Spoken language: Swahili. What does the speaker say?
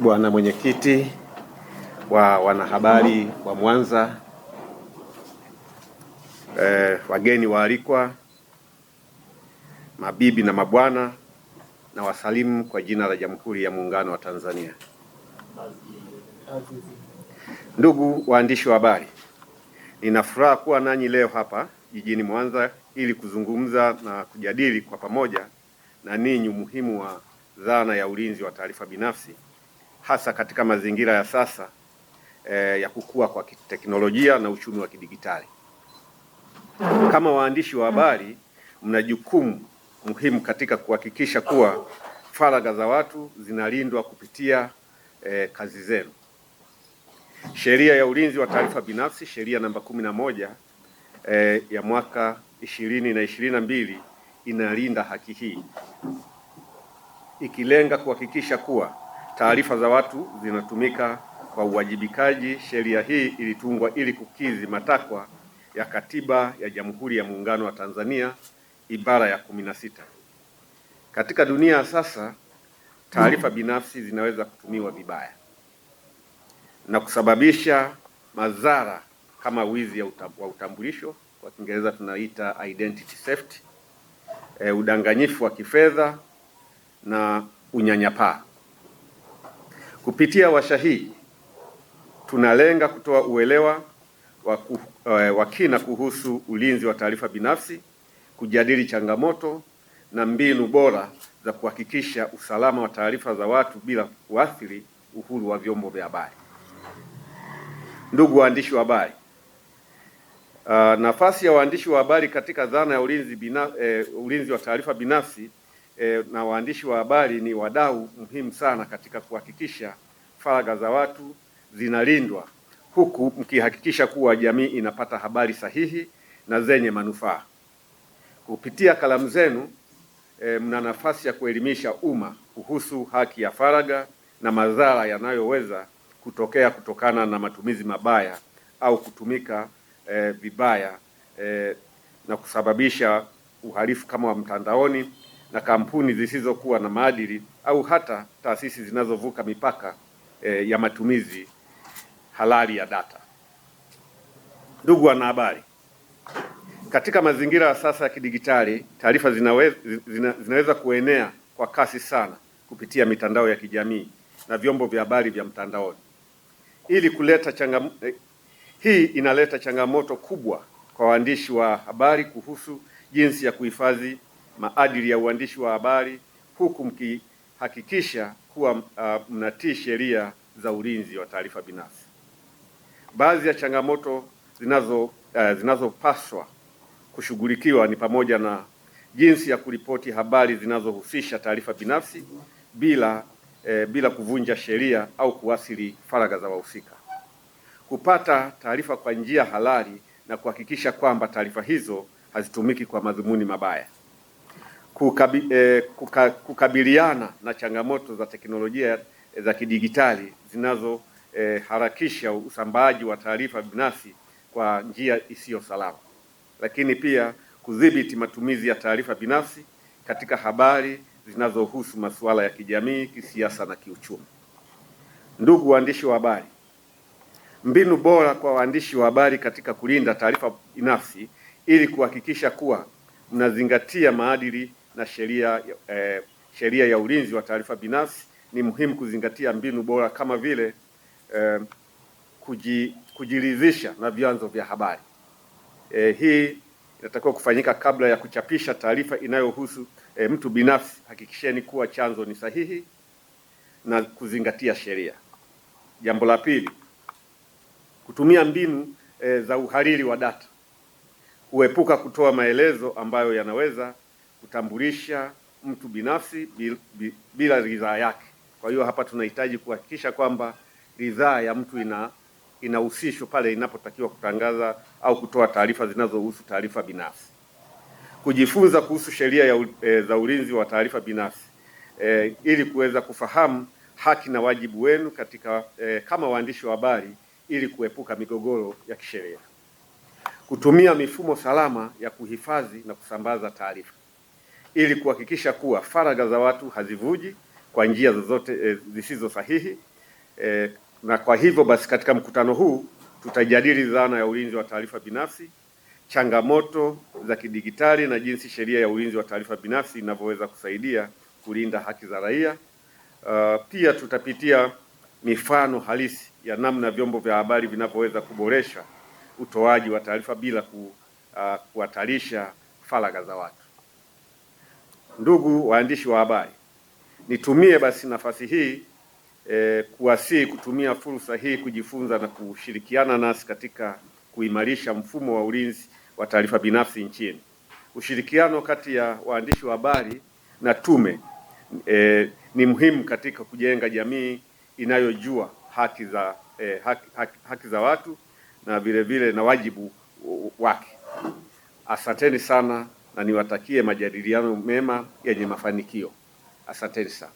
Bwana mwenyekiti wa wanahabari wa Mwanza, e, wageni waalikwa, mabibi na mabwana, na wasalimu kwa jina la Jamhuri ya Muungano wa Tanzania. Ndugu waandishi wa habari, nina furaha kuwa nanyi leo hapa jijini Mwanza ili kuzungumza na kujadili kwa pamoja na ninyi umuhimu wa dhana ya ulinzi wa taarifa binafsi hasa katika mazingira ya sasa eh, ya kukua kwa teknolojia na uchumi wa kidigitali. Kama waandishi wa habari, mna jukumu muhimu katika kuhakikisha kuwa faragha za watu zinalindwa kupitia eh, kazi zenu. Sheria ya ulinzi wa taarifa binafsi, sheria namba kumi na moja eh, ya mwaka ishirini na ishirini na mbili inalinda haki hii ikilenga kuhakikisha kuwa taarifa za watu zinatumika kwa uwajibikaji. Sheria hii ilitungwa ili kukidhi matakwa ya Katiba ya Jamhuri ya Muungano wa Tanzania ibara ya kumi na sita. Katika dunia sasa, taarifa binafsi zinaweza kutumiwa vibaya na kusababisha madhara kama wizi wa utambulisho, kwa Kiingereza tunaita identity theft, e, udanganyifu wa kifedha na unyanyapaa. Kupitia washa hii tunalenga kutoa uelewa eh, wa kina kuhusu ulinzi wa taarifa binafsi, kujadili changamoto na mbinu bora za kuhakikisha usalama wa taarifa za watu bila kuathiri uhuru wa vyombo vya habari. Ndugu waandishi wa habari, ah, nafasi ya waandishi wa habari katika dhana ya ulinzi, bina, eh, ulinzi wa taarifa binafsi e, na waandishi wa habari ni wadau muhimu sana katika kuhakikisha faragha za watu zinalindwa, huku mkihakikisha kuwa jamii inapata habari sahihi na zenye manufaa. Kupitia kalamu zenu e, mna nafasi ya kuelimisha umma kuhusu haki ya faragha na madhara yanayoweza kutokea kutokana na matumizi mabaya au kutumika e, vibaya e, na kusababisha uhalifu kama wa mtandaoni na kampuni zisizokuwa na maadili au hata taasisi zinazovuka mipaka e, ya matumizi halali ya data. Ndugu wanahabari, katika mazingira ya sasa ya kidigitali, taarifa zinaweza, zina, zinaweza kuenea kwa kasi sana kupitia mitandao ya kijamii na vyombo vya habari vya mtandaoni. Ili kuleta changam... Eh, hii inaleta changamoto kubwa kwa waandishi wa habari kuhusu jinsi ya kuhifadhi maadili ya uandishi wa habari huku mkihakikisha kuwa uh, mnatii sheria za ulinzi wa taarifa binafsi. Baadhi ya changamoto zinazo uh, zinazopaswa kushughulikiwa ni pamoja na jinsi ya kuripoti habari zinazohusisha taarifa binafsi bila eh, bila kuvunja sheria au kuasili faragha za wahusika, kupata taarifa kwa njia halali na kuhakikisha kwamba taarifa hizo hazitumiki kwa madhumuni mabaya kukabi, eh, kuka, kukabiliana na changamoto za teknolojia eh, za kidigitali zinazoharakisha eh, usambaaji wa taarifa binafsi kwa njia isiyo salama, lakini pia kudhibiti matumizi ya taarifa binafsi katika habari zinazohusu masuala ya kijamii, kisiasa na kiuchumi. Ndugu waandishi wa habari, mbinu bora kwa waandishi wa habari katika kulinda taarifa binafsi ili kuhakikisha kuwa mnazingatia maadili na sheria eh, sheria ya ulinzi wa taarifa binafsi, ni muhimu kuzingatia mbinu bora kama vile eh, kuji, kujiridhisha na vyanzo vya habari. Eh, hii inatakiwa kufanyika kabla ya kuchapisha taarifa inayohusu eh, mtu binafsi. Hakikisheni kuwa chanzo ni sahihi na kuzingatia sheria. Jambo la pili, kutumia mbinu eh, za uhariri wa data, huepuka kutoa maelezo ambayo yanaweza kutambulisha mtu binafsi bila ridhaa yake. Kwa hiyo hapa tunahitaji kuhakikisha kwamba ridhaa ya mtu ina inahusishwa pale inapotakiwa kutangaza au kutoa taarifa zinazohusu taarifa binafsi. Kujifunza kuhusu sheria e, za ulinzi wa taarifa binafsi e, ili kuweza kufahamu haki na wajibu wenu katika e, kama waandishi wa habari ili kuepuka migogoro ya kisheria. Kutumia mifumo salama ya kuhifadhi na kusambaza taarifa ili kuhakikisha kuwa faragha za watu hazivuji kwa njia zozote e, zisizo sahihi e, na kwa hivyo basi, katika mkutano huu tutajadili dhana ya ulinzi wa taarifa binafsi, changamoto za kidigitali na jinsi sheria ya ulinzi wa taarifa binafsi inavyoweza kusaidia kulinda haki za raia. Uh, pia tutapitia mifano halisi ya namna vyombo vya habari vinavyoweza kuboresha utoaji wa taarifa bila ku, uh, kuhatarisha faragha za watu. Ndugu waandishi wa habari, nitumie basi nafasi hii eh, kuwasihi kutumia fursa hii kujifunza na kushirikiana nasi katika kuimarisha mfumo wa ulinzi wa taarifa binafsi nchini. Ushirikiano kati ya waandishi wa habari na tume eh, ni muhimu katika kujenga jamii inayojua haki za, eh, haki, haki, haki za watu na vile vile na wajibu wake. Asanteni sana na niwatakie majadiliano mema yenye mafanikio. Asanteni sana.